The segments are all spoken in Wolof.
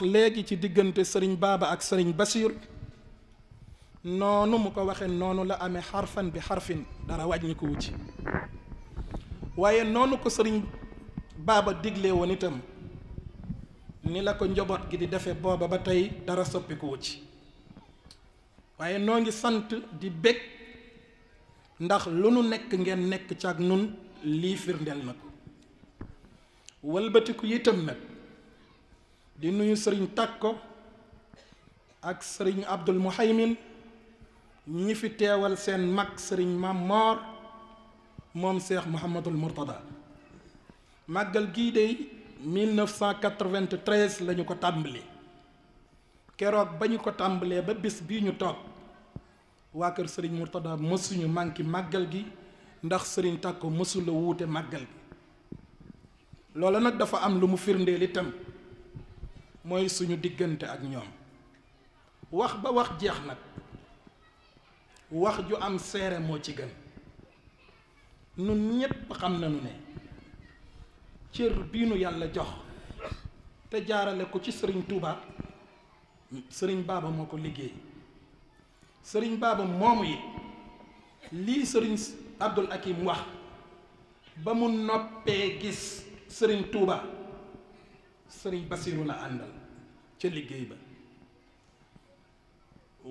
wax léegi ci diggante sëriñ baaba ak sëriñ basiir noonu mu ko waxee noonu la amee xarfan bi xarfin dara wàññi ci waaye noonu ko sëriñ baaba digle woon itam ni la ko njaboot gi di defee booba ba tey dara soppikuwu ci waaye noo ngi sant di bég ndax lu nu nekk ngeen nekk ca ak nun lii firndeel na ko wëlbatiku itam nag di nuyu sëriñ Takko ak sëriñ Abdul Muhaymin ñi fi teewal seen mag sëriñ Mamor moom seex Mouhamadul Mourtada màggal gii de 1993 la ñu ko tàmbali keroog ba ñu ko tàmbalee ba bis bii ñu toog waa kër sëriñ Mourtada mësuñu manqué màggal gi ndax sëriñ Takko mësula wuute màggal gi loola nag dafa am lu mu firndeel itam. mooy suñu diggante ak ñoom wax ba wax jeex nag wax ju am seere moo ci gën nu ñépp xam nañu ne cër bii nu yàlla jox te jaarale ko ci sëriñ Touba sëriñ Baba moo ko liggéey sëriñ Baba moomu yi lii sëriñ Abdul Akim wax ba mu noppee gis sëriñ Touba. sëriñ Basiru la àndal ca liggéey ba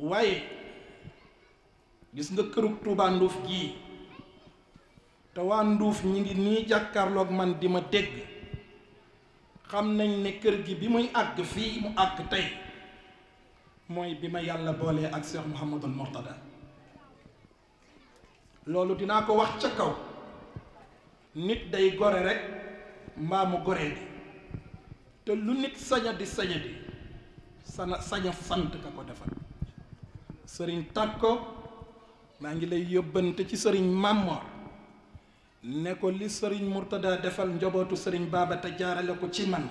waaye gis nga kërug Tuubaa Nduuf gii te waa Nduuf ñi ngi nii jàkkaarloog man di ma dégg xam nañ ne kër gi bi muy àgg fii mu àgg tey mooy bi ma yàlla boolee ak Cheikh Mouhamadul Mortada loolu dinaa ko wax ca kaw nit day gore rekk mbaa mu goree di te lu nit saña di saña di sana saña sant ka ko defal sëriñ Tàkko maa ngi lay yóbbante ci sëriñ Mamor ne ko li sëriñ Murtada defal njobootu sëriñ Baaba te jaarale ko ci man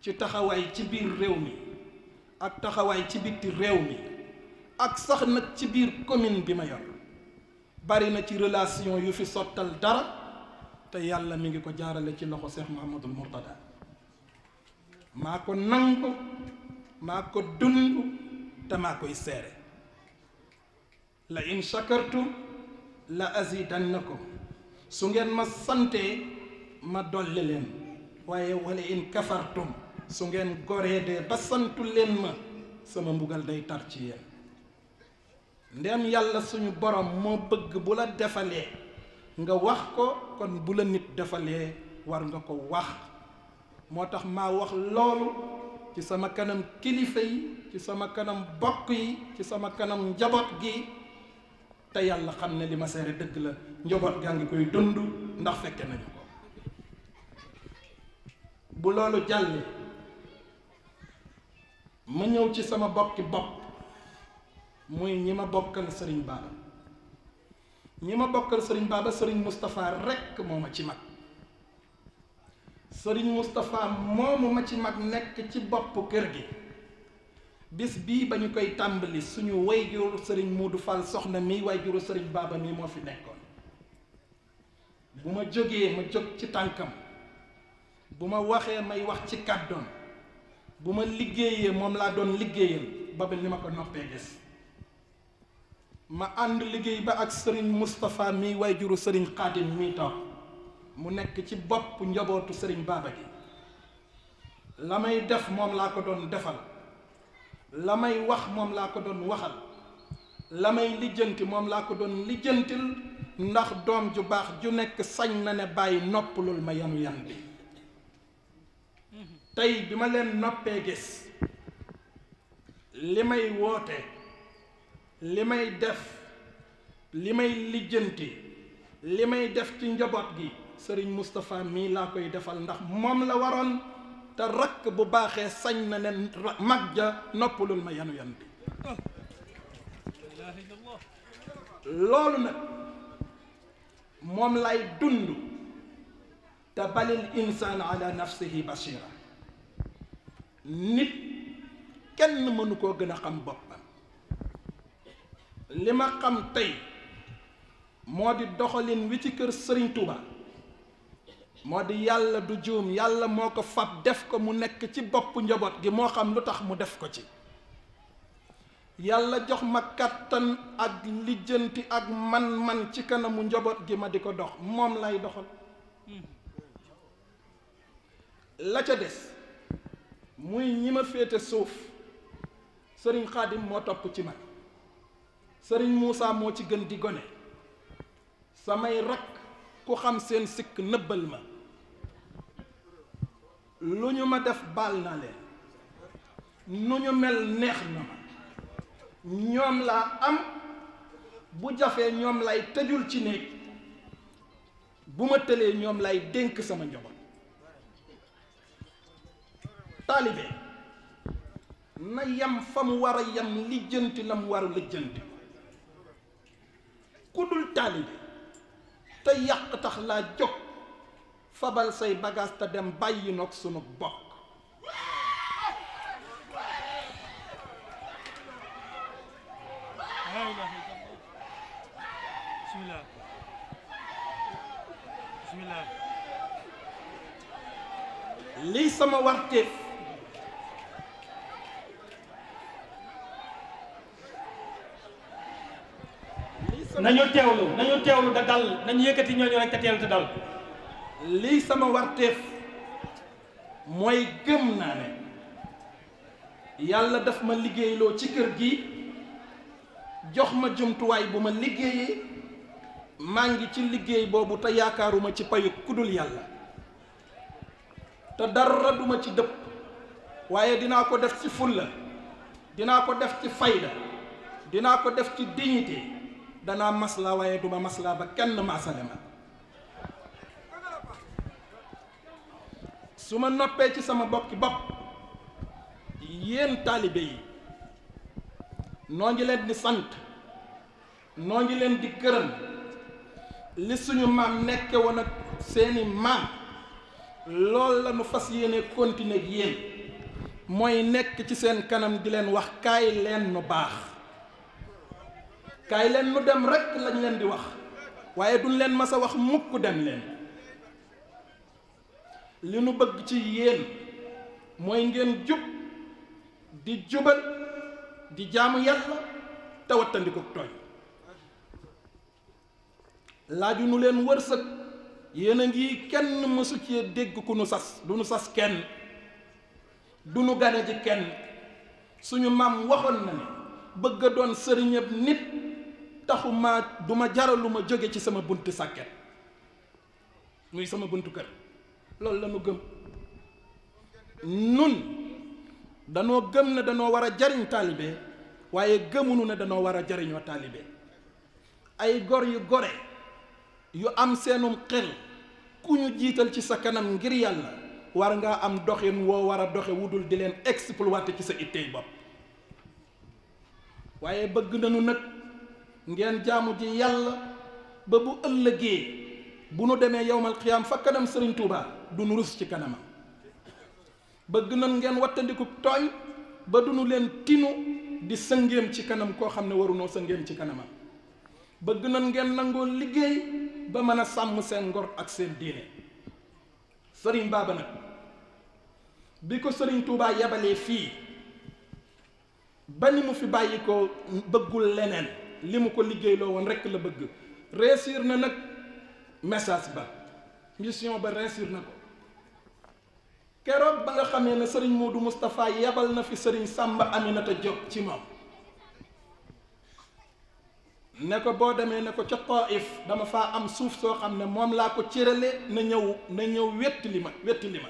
ci taxawaay ci biir réew mi ak taxawaay ci bitti réew mi ak sax nag ci biir commune bi ma yor bari na ci relation yu fi sottal dara te yàlla mu ngi ko jaarale ci loxo Cheikh Mouhamadul Murtada maa ko nangu maa ko dund te maa koy seere la in shakartum la azidannakum su ngeen ma santee ma dolli leen waaye wala in kafartum su ngeen goree ba santu leen ma sama mbugal day tar ci yéen ndem yàlla suñu borom moo bëgg bu la defalee nga wax ko kon bu la nit defalee war nga ko wax moo tax maa wax loolu ci sama kanam kilifa yi ci sama kanam bokk yi ci sama kanam njaboot gi te yàlla xam ne li ma seere dëgg la njaboot gaa ngi koy dund ndax fekke nañu ko bu loolu jàllee ma ñëw ci sama bokki bopp muy ñi ma bokkal sëriñ baaba ñi ma bokkal sëriñ baaba sëriñ Moustapha rekk moo ma ci mag Serigne Moustapha moomu ma ci mag nekk ci bopp kër gi bis bii ba ñu koy tàmbali suñu wayjuru Serigne Modou fal soxna mi wayjuru Serigne Baba mi moo fi nekkoon bu ma jógee ma jóg ci tànkam bu ma waxee may wax ci kàddoon bu ma liggéeyee moom laa doon liggéeyal ba ba li ma ko noppee gis ma ànd liggéey ba ak Serigne Moustapha mi wayjuru Serigne Khadim mi toog mu nekk ci bopp njabootu sëriñ baaba gi la may def moom laa ko doon defal la may wax moom laa ko doon waxal la may lijjanti moom laa ko doon lijjantil ndax doom ju baax ju nekk sañ na ne bàyyi noppalul ma yanu yan bi tey bi ma leen noppee gis li may woote li may def li may lijjanti li may def ci njaboot gi sëriñ Moustapha mii laa koy defal ndax moom la waroon te rakk bu baaxee sañ na ne mag ja noppalul ma yanu yan bi loolu nag moom lay dund te balil insaan ala nafsihi basira nit kenn mënu koo gën a xam boppam li ma xam tey moo di doxalin wi ci kër sëriñ Touba moo di yàlla du juum yàlla moo ko fab def ko mu nekk ci boppu njaboot gi moo xam lu tax mu def ko ci yàlla jox ma kàttan ak lijjanti ak man-man ci kanamu njaboot gi ma di ko dox moom lay doxal la ca des muy ñi ma féete suuf sëriñ xaadim moo topp ci man sëriñ Moussa moo ci gën di gone samay rakk ku xam seen sikk nëbbal ma lu ñu ma def baal na leen nu ñu mel neex na ñoom laa am bu jafee ñoom lay tëjul ci néeg bu ma tëlee ñoom lay dénk sama njaboot taalibe na yam fa mu war a yam lijjanti la mu war a lijjanti ku dul taalibe te yàq tax laa jóg fabal say bagage te dem bàyyi noog sunu bokk bismillah bismillah lii sama warteef nañu teewlu nañu teewlu da dal nañu yëkkati ñooñu rek te teelu te dal lii sama warteef mooy gëm naa ne yàlla daf ma liggéeyloo ci kër gi jox ma jumtuwaay bu ma liggéeyee maa ngi ci liggéey boobu te yaakaaruma ci payu kudul yàlla te dara duma ci dëpp waaye dinaa ko def ci fulla dinaa ko def ci fayda dinaa ko def ci dignité danaa maslaa waaye duma maslaa ba kenn maasale ma su ma noppee ci sama bopp ci bopp yéen taalibe yi noo ngi leen di sant noo ngi leen di gërëm li suñu maam nekke woon ak seeni maam lool la nu fas yéene continuer ak yéen mooy nekk ci seen kanam di leen wax kaay leen nu baax kaay leen nu dem rekk lañ leen di wax waaye duñ leen mas a wax mukk dem leen li nu bëgg ci yéen mooy ngeen jub di jubal di jaamu yàlla te wattandiku tooñ laaju nu leen wërsëg yéen a ngi kenn mësu ci dégg ku nu sas du nu sas kenn du nu gane kenn suñu maam waxoon na ne bëgg a doon sëriñëb nit taxuma duma jaral lu ma jóge ci sama buntu sàkket muy sama buntu kër loolu la nu gëm nun danoo gëm ne danoo war a jariñ taalibe waaye gëmunu na danoo war a jariñoo taalibe ay gor yu gore yu am seenum xel ku ñu jiital ci sa kanam ngir yàlla war nga am doxin woo war a doxe dul di leen exploité ci sa ittey bopp waaye bëgg nañu nag ngeen jaamu ji yàlla ba bu ëllëgee bu nu demee yowmal xiyaam fa kanam sëriñ Tuubaa duñu rus ci kanamam bëgg nan ngeen wattandiku tooñ ba duñu leen tinu di sëngeem ci kanam koo xam ne warunoo sëngeem ci kanamam bëgg nan ngeen nangoo liggéey ba mën a sàmm seen ngor ak seen diine sëriñ baaba nag bi ko sëriñ tuubaa yabalee fii ba ni mu fi bàyyi ko bëggul leneen li mu ko liggéeyloo woon rekk la bëgg réussir na nag message ba mission ba réussir na ko keroog ba nga xamee ne sëriñ Modou Moustapha yebal na fi sëriñ sàmba Aminata Diop ci moom ne ko boo demee ne ko ca Taif dama faa am suuf soo xam ne moom laa ko cërale na ñëw na ñëw wetti li ma wetti li ma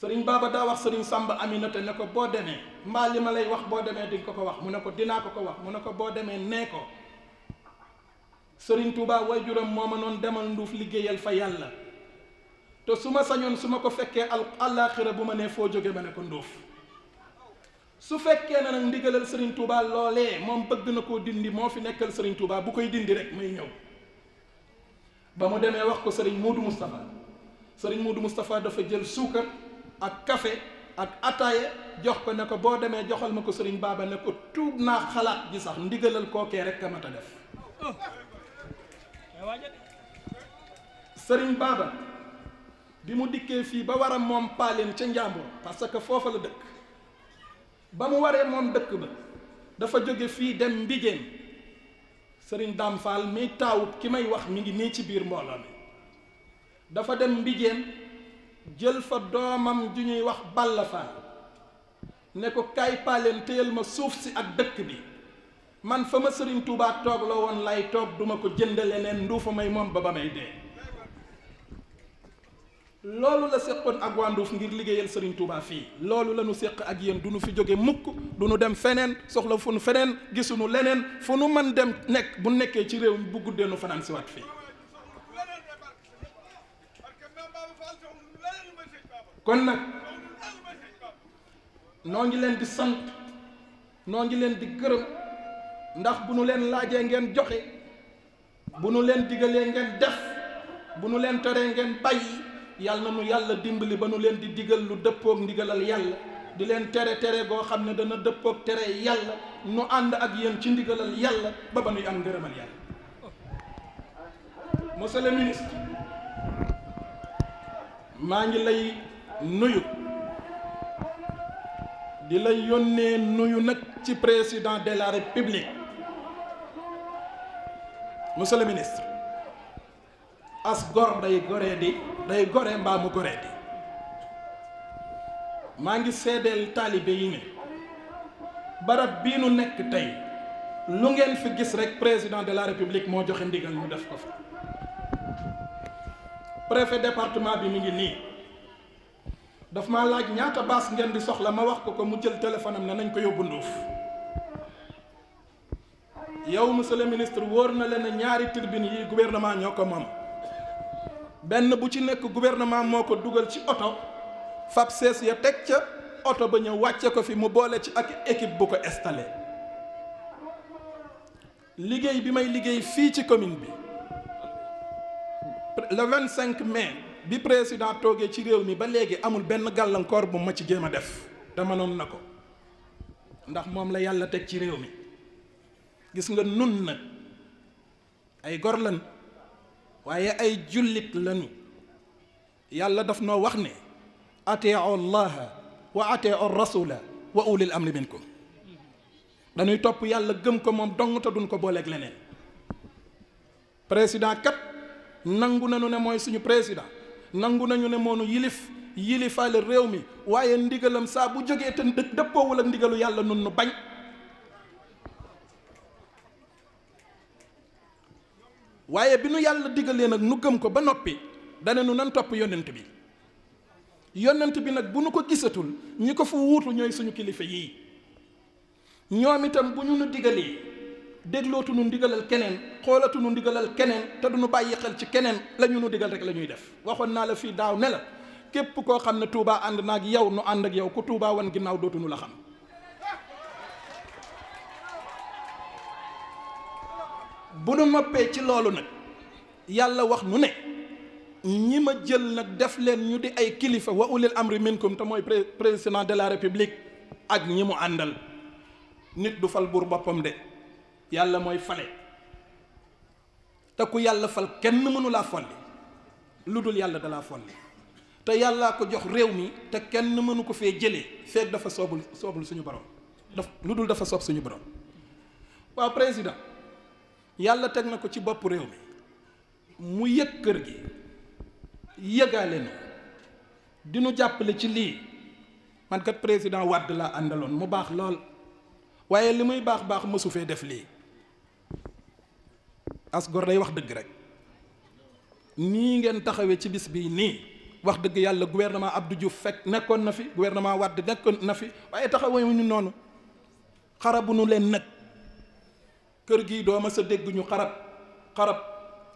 sëriñ Baba daa wax sëriñ Samba Aminata ne ko boo demee mbaa li ma lay wax boo demee di ko ko wax mu ne ko dinaa ko ko wax mu ne ko boo demee nee ko sëriñ Touba waajuram moo ma noon demal nduuf liggéeyal fa yàlla te su ma sañoon su ma ko fekkee al àllaaxira bu ma nee foo jóge ma ne ko ndóof su fekkee na nag ndigalal Serigne Touba loolee moom bëgg na koo dindi moo fi nekkal sëriñ Touba bu koy dindi rek may ñëw ba mu demee wax ko Serigne Modou Moustapha Serigne Modou Moustapha dafa jël suukar ak kafe ak ataaya jox ko ne ko boo demee joxal ma ko Serigne Baba ne ko tuub naa xalaat ji sax ndigalal kookee rek ka mat a def oh. Serigne Baba. bi mu dikkee fii ba war a moom paaleen ca njàmbur parce que foofa la dëkk ba mu waree moom dëkk ba dafa jóge fii dem mbijeen sëriñ Dame Fall mi taawut ki may wax mi ngi nii ci biir mbooloo mi dafa dem mbijeen jël fa doomam ju ñuy wax Balla Fall ne ko kaay paaleen téyal ma suuf si ak dëkk bi man fa ma sëriñ Touba toog la woon laay toog duma ko jënd leneen nduufa may moom ba ba may dee loolu la séqoon ak waa ngir liggéeyal Serigne Touba fii loolu la ñu séq ak yéen du ñu fi jóge mukk du ñu dem feneen soxla fu nu feneen gisuñu leneen fu nu mën dem nekk bu nekkee ci réew mi bu guddee nu fanaan si waat fii kon nag noo ngi leen di sant noo ngi leen di gërëm ndax bu nu leen laajee ngeen joxe bu nu leen digalee ngeen def bu nu leen teree ngeen bàyyi yàlla na nu yàlla dimbali ba nu leen di digal lu dëppoog ndigalal yàlla di leen tere tere goo xam ne dana dëppoog tere yàlla nu ànd ak yéen ci ndigalal yàlla ba ba nuy am ngërëmal yàlla monsieur ministre maa ngi lay nuyu di lay yónnee nuyu nag ci président de la république monsieur ministre as gor day goree di day gore mbaa mu maa ngi seedeel taalibe yi ne barab bii nu nekk tey lu ngeen fi gis rek président de la république moo joxe ndigal ñu def ko fa préfet département bi mi ngi nii daf ma laaj ñaata baas ngeen di soxla ma wax ko ko mu jël téléphone am ne nañ ko yóbbu nduuf yow monsieur ministre wóor na leen ñaari turbine yi gouvernement ñoo ko moom benn bu ci nekk gouvernement moo ko dugal ci oto fab sees ya teg ca oto ba ñëw wàcce ko fi mu boole ci ak équipe bu ko installé liggéey bi may liggéey fii ci commune bi le vingt cinq mai bi président toogee ci réew mi ba léegi amul benn gàllankoor bu ma ci jéem a def te mënoon na ko ndax moom la yàlla teg ci réew mi gis nga nun nag ay gor waaye ay jullit lañu yàlla daf noo wax ne ate llaha wa atiu rasula wa ulil amri ko dañuy topp yàlla gëm ko moom dong te duñ ko booleeg leneen président kat nangu nanu ne mooy suñu président nangu nañu ne moonu yilif yilifaale réew mi waaye ndigalam saa bu jógee te dëppoowul ak ndigalu yàlla nun nu bañ waaye bi nu yàlla digalee nag nu gëm ko ba noppi dana nu nan topp yonent bi yonent bi nag bu nu ko gisatul ñi ko fu wuutu ñooy suñu kilifa yii ñoom itam bu ñu nu digalee déglootu nu ndigalal keneen xoolatu nu ndigalal keneen te du nu bàyyi xel ci keneen la ñu nu digal rek la ñuy def waxoon naa la fii daaw nela képp koo xam ne Touba ànd ak yow nu ànd ak yow ku Touba wan ginnaaw dootu nu la xam. bu nu noppee ci loolu nag yàlla wax nu ne ñi ma jël nag def leen ñu di ay kilifa wa ulil amri minkum te mooy président de la république ak ñi mu àndal nit du fal buur boppam de yàlla mooy fale te ku yàlla fal kenn mënu folli lu dul yàlla dalaa folli te yàllaa ko jox réew mi te kenn mënu ko fee jëlee feeg dafa soobul soobul suñu borom daf lu dul dafa soob suñu borom waaw président yàlla teg na ko ci bopp réew mi mu yëg kër gi yëgaale na di nu jàppale ci lii man kat président Wade laa àndaloon mu baax lool waaye li muy baax baax mësu fee def lii asgor day wax dëgg rek nii ngeen taxawee ci bis bii nii wax dëgg yàlla gouvernement Abdou Diouf fekk nekkoon na fi gouvernement Wade nekkoon na fi waaye taxawee ñu noonu xarabu nu leen nag. kër gi doo ma sa dégg ñu xarab xarab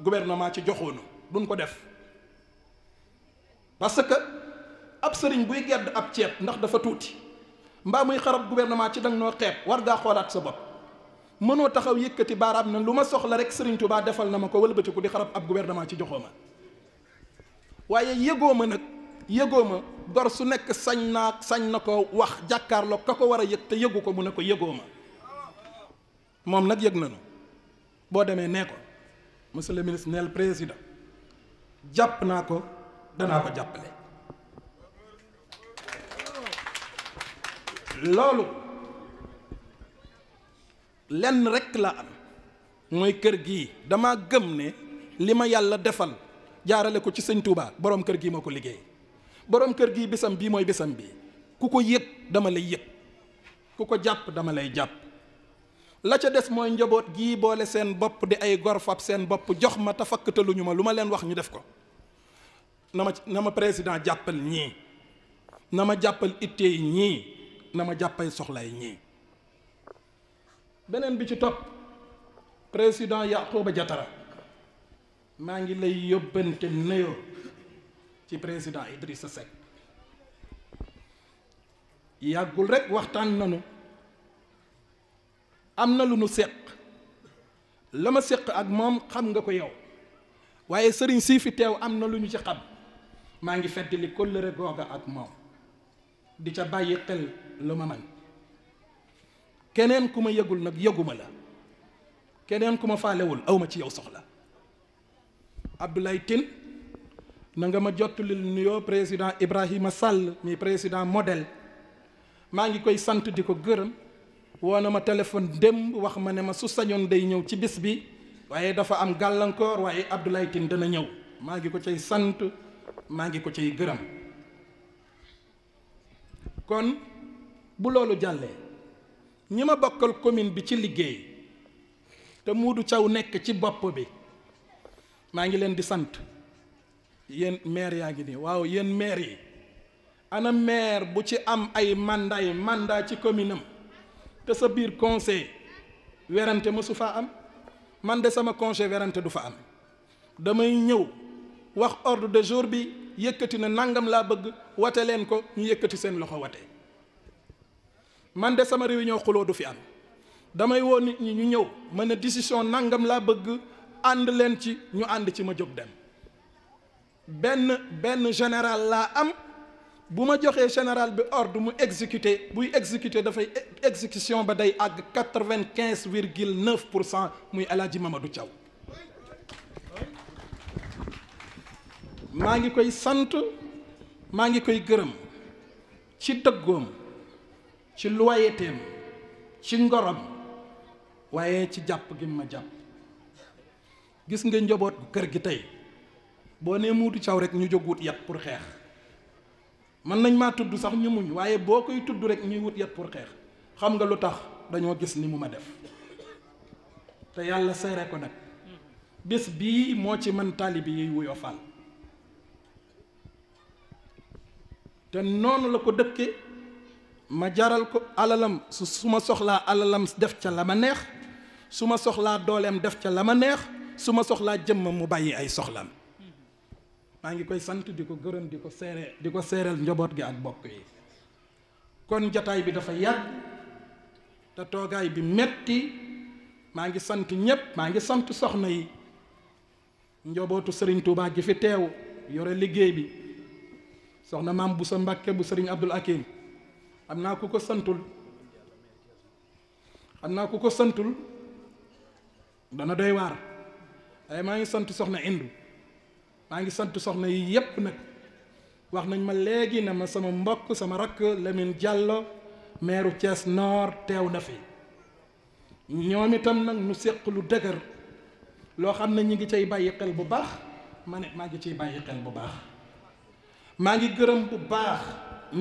gouvernement ci joxoonu duñ ko def parce que ab sëriñ buy gedd ab ceeb ndax dafa tuuti mbaa muy xarab gouvernement ci dang noo xeeb war ngaa xoolaat sa bopp mënoo taxaw yëkkati baaraam na lu ma soxla rek sëriñ Tuubaa defal na ma ko wëlbatiku di xarab ab gouvernement ci joxoo ma waaye yëgoo ma nag yëgoo ma gor su nekk sañ naa sañ na ko wax jàkkaarloo ka ko war a yëg te yëgu ko mu ne ko yëgoo ma moom nag yëg nañu boo demee nee ko monsieur le ministre neel président jàpp naa ko danaa ko jàppale loolu lenn rekk la am mooy kër gi dama gëm ne li ma yàlla defal jaarale ko ci sëñ Touba borom kër gi moo ko liggéey borom kër gi bisam bii mooy bisam bi ku ko yëg dama lay yëg ku ko jàpp dama lay jàpp la ca des mooy njaboot gii boole seen bopp di ay gor seen bopp jox ma te fakkataluñu ma lu ma leen wax ñu def ko na ma na ma président jàppal ñii na ma jàppal itte yi ñii na ma jàppal soxlay ñii beneen bi ci topp président Yankhoba jatara maa ngi lay yóbbante nuyoo ci président Idrissa Seck yàggul rek waxtaan nanu am na lu nu séq la ma séq ak moom xam nga ko yow waaye sëriñ sii fi teew am na lu ñu ci xam maa ngi feddali kóllëre googa ak moom di ca bàyyi xel lu ma man keneen ku ma yëgul nag yëguma la keneen ku ma faalewul awma ci yow soxla Abdoulaye Tine na nga ma jottulil nuyoo président Ibrahima Sall mi président modèle maa ngi koy sant di ko gërëm woo na ma téléphone démb wax ma ne ma su sañoon day ñëw ci bis bi waaye dafa am gàllankoor waaye Abdoulaye Tine dana ñëw maa ngi ko cay sant maa ngi ko cay gërëm kon bu loolu jàllee ñi ma bokkal commune bi ci liggéey te Moodu Thiaw nekk ci bopp bi maa ngi leen di sant yéen maire yaa ngi nii waaw yéen maire yi ana maire bu ci am ay màndaay màndaa ci commune te sa biir conseil werante mësu faa am man de sama conseil werante du fa am damay ñëw wax ordre de jour bi yëkkati na nangam laa bëgg wate leen ko ñu yëkkati seen loxo wate man de sama réunion xuloo du fi am damay woo nit ñi ñu ñëw mën na décision nangam laa bëgg ànd leen ci ñu ànd ci ma jóg dem benn benn général laa am bu ma joxee général bi ordre mu exécuter buy exécuter dafay e-, exécution ba day àgg quatre vingt quinze virgule neuf pour cent muy El Hadj Mamadou Thiaw maa ngi koy sant maa ngi koy gërëm ci dëggoom ci loyautéem ci ngorom waaye ci jàpp gi ma jàpp gis nga njaboot kër gi tey boo nee muutu caw rek ñu jóg wut yat pour xeex. mën nañ maa tudd sax ñu muñ waaye boo koy tudd rek ñuy wut yat pour xeex xam nga lu tax dañoo gis ni mu ma def te yàlla seere ko nag bés bii moo ci man taalibi yiy wuyoo te noonu la ko dëkke ma jaral ko alalam su su ma soxlaa alalam def ca la ma neex su ma soxlaa dooleem def ca la ma neex su ma soxlaa jëmmam mu bàyyi ay soxlaan maa ngi koy sant di ko gërëm di ko seere di ko seereel njaboot gi ak bokk yi kon jataay bi dafa yàgg te toogaay bi metti maa ngi sant ñépp maa ngi sant soxna yi njobootu sëriñ Touba gi fi teew yore liggéey bi soxna maam bu sa Mbàkke bu sëriñ Abdul Akim xam naa ku ko santul xam naa ku ko santul dana doy waar waaye maa ngi sant soxna Indu maa ngi sant soxna yi yépp nag wax nañ ma léegi ne ma sama mbokk sama rakk Lamine Diallo meeru Thiès Nord teew na fi ñoom itam nag nu séq lu dëgër loo xam ne ñi ngi cay bàyyi xel bu baax ma ne maa ngi ciy bàyyi xel bu baax maa ngi gërëm bu baax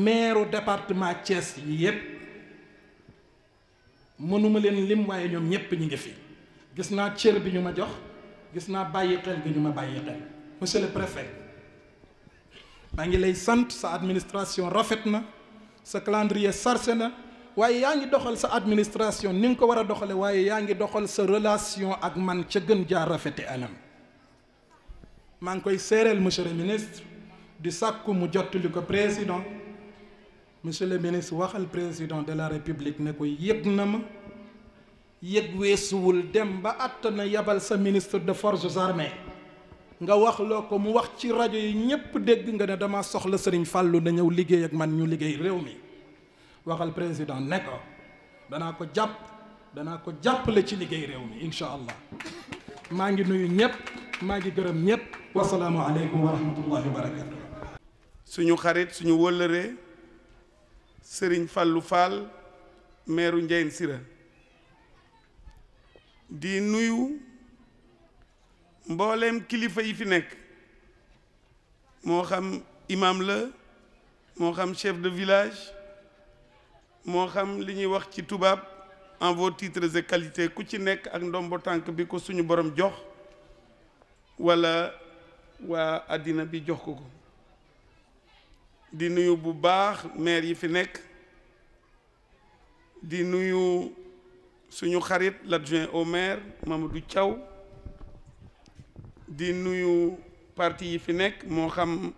meeru département Thiès yi yépp mënuma leen lim waaye ñoom ñépp ñi ngi fi gis naa cër bi ñu ma jox gis naa bàyyi xel gi ñu ma bàyyi xel monsieur le préfet maa ngi lay sant sa administration rafet na sa clandrier sarse na waaye yaa ngi doxal sa administration ni nga ko war a doxale waaye yaa ngi doxal sa relation ak man ca gën jaar rafete anam maa ngi koy séeréel monsieur le ministre di sàkku mu jottali ko président monsieur le ministre waxal président de la république ne ko yëg na ma yëg weesuwul dem ba àtt na yabal sa ministre de forces armées nga wax loo ko mu wax ci rajo yi ñépp dégg nga ne dama soxla sëriñ fàllu na ñëw liggéey ak man ñu liggéey réew mi waxal président ne ko danaa ko jàpp danaa ko jàppale ci liggéey réew mi incha allah maa ngi nuyu ñëpp maa ngi gërëm ñëpp wasalaamu aleykum wa barakatu suñu xarit suñu wëllëree sëriñ fàllu Fall meeru Ndiayène Sira di nuyu mbooleem kilifa yi fi nekk moo xam imam la moo xam chef de village moo xam li ñuy wax ci tubaab en vos titres et ku ci nekk ak ndombo tànk bi ko suñu borom jox wala waa àddina bi jox ko ko di nuyu bu baax maire yi fi nekk di nuyu suñu xarit l'adjoint au maire Mamadou caw di nuyu parti yi fi nekk moo xam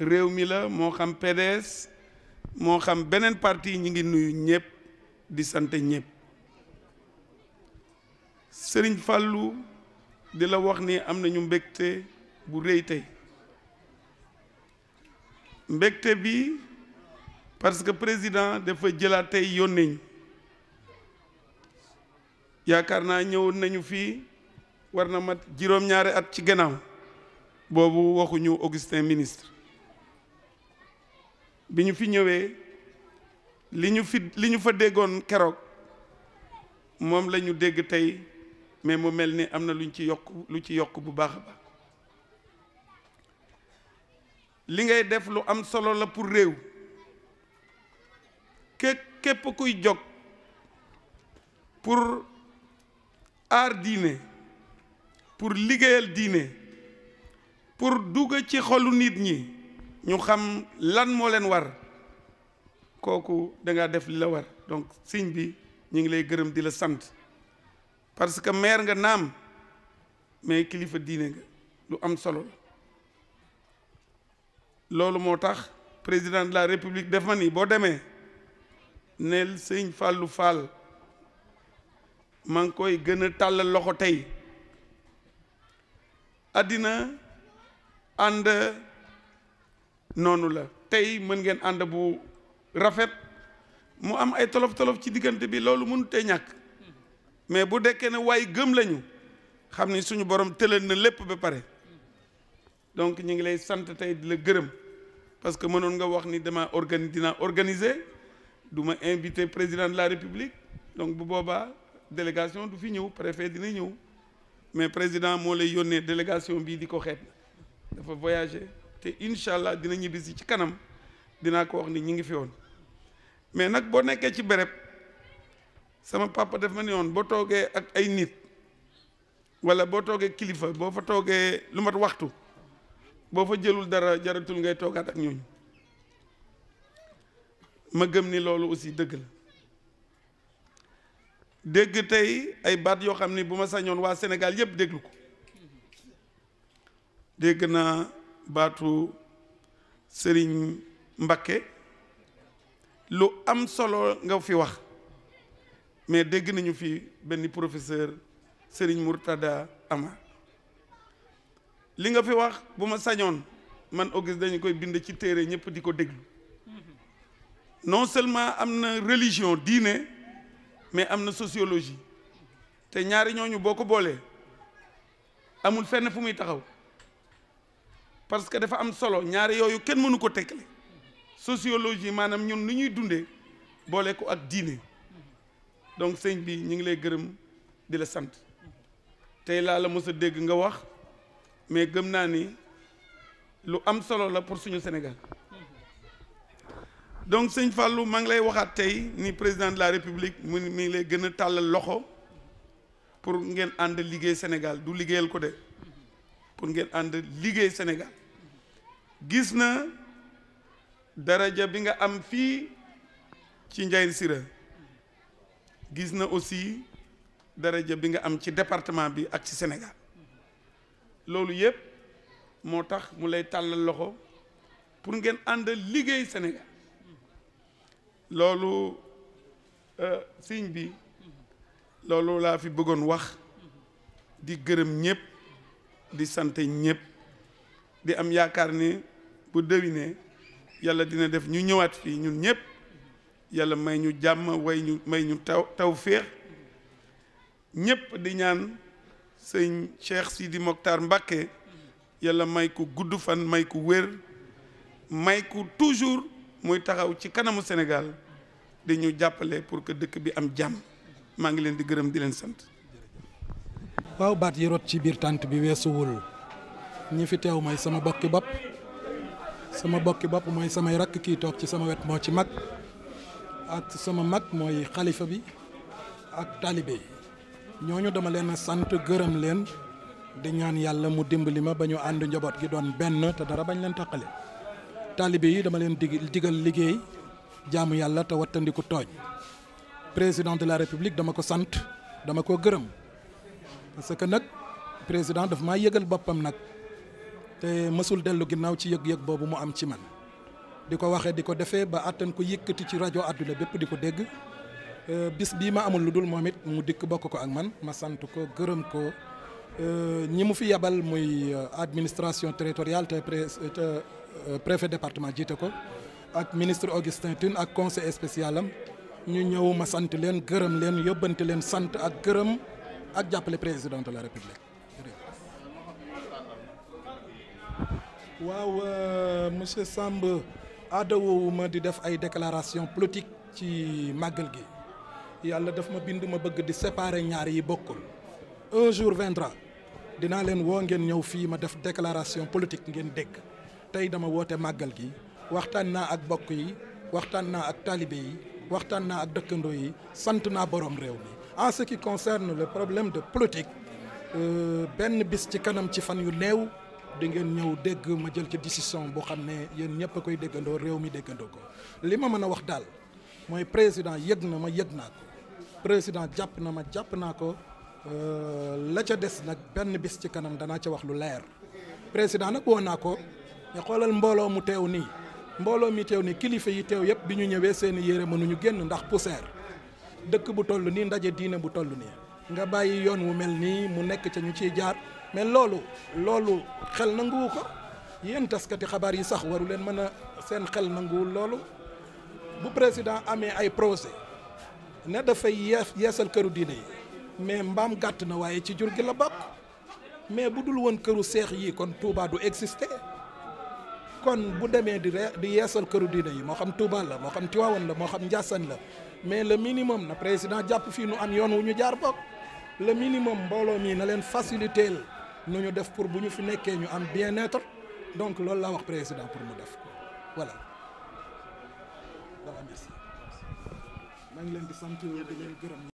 réew mi la moo xam PDS moo xam beneen parti ñi ngi nuyu ñëpp di sant ñëpp Sëriñ Fàllu di la wax ni am nañu mbégte bu rëy tey mbégte bi parce que président dafa jëlaat tey yónnee ñu yaakaar naa ñëwoon nañu fii war na mat juróom-ñaari at ci gannaaw boobu waxuñu Augustin ministre bi ñu fi ñëwee li ñu fi li ñu fa déggoon keroog moom lañu dégg tey mais mu mel ni am na luñ ci yokk lu ci yokk bu baax li ngay def lu am solo la pour réew ke képp kuy jog pour aar diine pour liggéeyal diine pour dugg ci xolu nit ñi ñu xam lan moo leen war kooku danga def li la war donc sëñ bi ñu ngi lay gërëm di la sant parce que maire nga naam mais kilifa diine nga lu am solo la loolu moo tax président de la république def ma ni boo demee neel sëñ Fallou Fall maa ngi koy gën a tàllal loxo tey àddina ànd noonu la tey mën ngeen ànd bu rafet mu am ay tolof tolof ci diggante bi loolu mënut te ñàkk mais bu dekkee ne waay gëm lañu xam ni suñu borom tëlal na lépp ba pare donc ñu ngi lay sant tey di la gërëm parce que mënoon nga wax ni dama organi dinaa organiser du ma invité président de la république donc bu boobaa délégation du fi ñëw préfet dina ñëw mais président moo lay yónnee délégation bii di ko xeet dafa voyagé te incha allah dina ñibbisi ci kanam dinaa ko wax ni ñi ngi fi woon mais nag boo nekkee ci béréb sama papa def ma ne woon boo toogee ak ay nit wala boo toogee kilifa boo fa toogee lu mat waxtu boo fa jëlul dara jaratul ngay toogaat ak ñooñu ma gëm ni loolu aussi dëgg la dégg tey ay baat yoo xam ni bu ma sañoon waa Sénégal yépp déglu ko dégg na baatu Sëriñ Mbakke lu am solo nga fi wax mais dégg nañu fi benn professeur Sëriñ Murtada Ama li nga fi wax bu ma sañoon man Auguste dañu koy bind ci téere ñëpp di ko déglu non seulement am na religion diine mais am na sociologie te ñaari ñooñu boo ko boolee amul fenn fu muy taxaw parce que dafa am solo ñaari yooyu kenn mënu ko tekkale sociologie maanaam ñun lu ñuy dundee boole ko ak diine donc sëñ bi ñu ngi lay gërëm di la sant tey laa la mos a dégg nga wax mais gëm naa ni lu am solo la pour suñu Sénégal donc sëñ Fallou maa ngi lay waxaat tey ni président de la république mu mi ngi lay gën a tàllal loxo pour ngeen ànd liggéey Sénégal du liggéeyal ko de pour ngeen ànd liggéey Sénégal gis na daraja bi nga am fii ci Ndiayène Sira gis na aussi daraja bi nga am ci département bi ak ci Sénégal loolu yëpp moo tax mu lay tàllal loxo pour ngeen ànd liggéey Sénégal loolu euh, sëñ bi loolu laa fi bëggoon wax di gërëm ñëpp di sant ñëpp di am yaakaar ni bu déwénee yàlla dina def ñu ñëwaat fii ñun ñëpp yàlla may ñu jàmm way ñu may ñu taw taw féex ñëpp di ñaan sëñ Cheikh di Mokhtar Mbacké yàlla may ko gudd fan may ko wér may ko toujours muy taxaw ci kanamu Sénégal di ñu jàppale pour que dëkk bi am jàmm maa ngi leen di gërëm di leen sant. waaw baat yi rot ci biir tànt bi weesuwul ñi fi teew mooy sama bokki bopp sama bokki bopp mooy samay rakk kiitoog ci sama wet moo ci mag ak sama mag mooy xalifa bi ak taalibe yi ñu dama leen sant gërëm leen di ñaan yàlla mu dimbali ma ba ñu ànd njaboot gi doon benn te dara bañ leen taqale taalibe yi dama leen dig digal liggéey. jaamu yàlla te wattandiku tooñ président de la république dama ko sant dama ko gërëm parce que nag président daf ma yëgal boppam nag te mësul dellu ginnaaw ci yëg-yëg boobu mu am ci man di ko waxee di ko defee ba àttan ko yëkkati ci rajo àdduna bépp di ko dégg euh, bis bii ma amul lu dul moom it mu dikk bokk ko ak man ma sant ko gërëm ko euh, ñi mu fi yabal muy euh, administration territoriale te préfet département jiite ko ak ministre Augustin Tine ak conseil spécial ñu ñëw ma sant leen gërëm leen yóbbante leen sant ak gërëm ak jàppale président de la république. waaw euh, monsieur Samb aadawoowu ma di def ay déclaration politique ci màggal gi yàlla daf ma bind ma bëgg di séparer ñaar yi bokkul un jour viendra dinaa leen woo ngeen ñëw fii ma def déclaration politique ngeen dégg tey dama woote màggal gi. waxtaan naa ak mbokk yi waxtaan naa ak taalibe yi waxtaan naa ak dëkkandoo yi sant naa borom réew mi en ce qui concerne le problème de politique euh, benn bis ci kanam ci fan yu néew di ngeen ñëw dégg ma jël ci décision boo xam ne yéen ñëpp a koy déggandoo réew mi déggandoo ko li ma mën a wax daal mooy président yëg na ma yëg naa ko président jàpp na ma jàpp naa ko euh, la ca des nag benn bis ci kanam danaa ca wax lu leer président nag woo naa ko ñu xoolal mbooloo mu teew nii. mbooloo mi teew ni kilifa yi teew yëpp bi ñu ñëwee seen i yére mënuñu génn ndax poussière dëkk bu toll nii ndaje diine bu toll nii nga bàyyi yoon wu mel nii mu nekk ca ñu ciy jaar mais loolu loolu xel nanguwu ko yéen taskati xabaar yi sax waru leen mën a seen xel nanguwul loolu bu président amee ay procès ne dafay yees yeesal këru diine yi mais mbaam gàtt na waaye ci jur gi la bokk mais bu dul woon këru seex yi kon Touba du exister. kon bu demee di re di yeesal këru diine yi moo xam Touba la moo xam Tiwaawan la moo xam Njaasaan la mais le minimum na président jàpp fii nu am yoon wu ñu jaar bokk le minimum mbooloo mii na leen faciliter nu ñu def pour bu ñu fi nekkee ñu am bien-être donc loolu laa wax président pour mu def wala voilà voilà maa ngi leen di sant di leen